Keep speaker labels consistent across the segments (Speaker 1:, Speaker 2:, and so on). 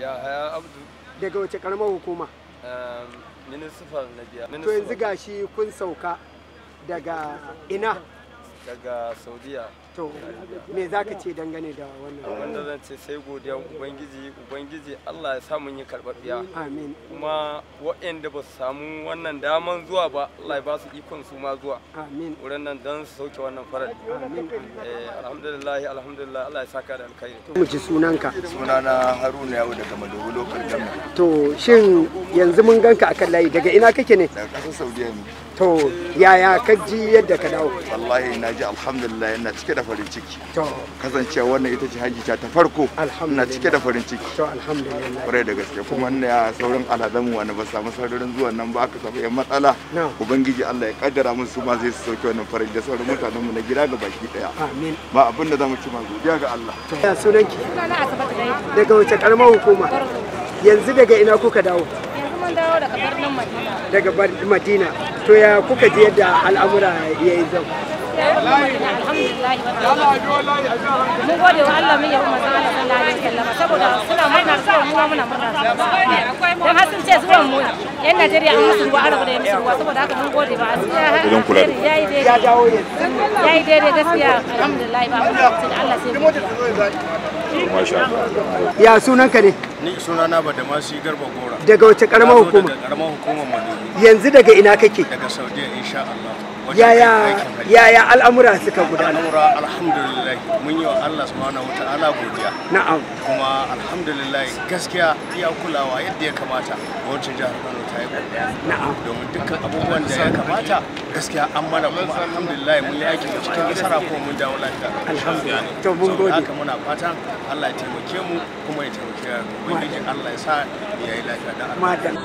Speaker 1: ya daga wace karamar hukuma ehm, municipal na biya to yanzu gashi kun sauka daga ina daga saudiya to me za ka ce dangane da wannan wanda zan ce sai godiya ubangiji ubangiji allah ya samu yi karbabbiya amin kuma waɗanda ba su samu wannan daman zuwa ba allah ya ba su ikon su ma zuwa amin wurin nan don su sauke wannan farar amin
Speaker 2: eh, alhamdulillah alhamdulillah allah ya saka da alkhairi mu
Speaker 1: ji sunanka sunana haruna
Speaker 2: yawo daga madogo lokal gama
Speaker 1: to shin yanzu mun ganka akan layi daga ina kake ne daga
Speaker 2: ƙasar saudiya ne to yaya ka ji yadda ka dawo wallahi na ji alhamdulillah ina cike da farin ciki kasancewa wannan ita ce hajjita ta farko ina cike da farin ciki kwarai da gaske kuma ya sauran alhazanmu wani ba samu sararin zuwa nan ba aka samu yan matsala ubangiji allah ya kaddara su ma zai su sauke wannan farin da sauran mutanenmu na gida ga baki daya ba abin da zamu ci ma godiya ga allah daga wace karamar hukuma
Speaker 1: yanzu daga ina kuka dawo dawo daga Madina. To ya kuka je yadda al'amura ya yi zau?
Speaker 2: mun
Speaker 3: gode
Speaker 2: wa Allah mun yabi manzon Allah sallallahu alaihi wasallam saboda suna murna zuwa mu muna murna dan har sun ce zuwan mu yan Najeriya an musu ruwa da ya
Speaker 3: musu
Speaker 1: ruwa saboda haka mun gode ba idan kula daidai daidai gaskiya
Speaker 2: alhamdulillah ba Allah sai mu
Speaker 1: ya sunan ne
Speaker 2: ni suna na badamasi garba gora daga wace karamar hukuma daga karamar hukumar
Speaker 1: yanzu daga ina kake daga
Speaker 2: saudiya insha Allah yaya
Speaker 1: yaya al'amura suka gudana
Speaker 2: al'amura alhamdulillah mun yi wa Allah subhanahu wataala godiya na'am kuma alhamdulillah gaskiya iya kulawa yadda ya kamata gwamnatin jihar Kano ta yi godiya na'am domin dukkan abubuwan da ya kamata gaskiya an mana kuma alhamdulillah mun yi aiki cikin nasara kuma mun dawo lafiya alhamdulillah to mun gode haka muna fatan Allah ya taimake mu kuma ya taimake mu Allah ya sa mu yi lafiya da Allah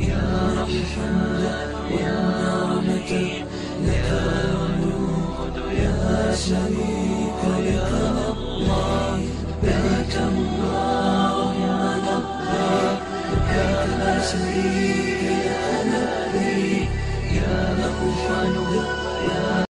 Speaker 3: يا رحمن يا رحيم يا ودود يا شريك يا الله لك الله يا ربك يا لا شريك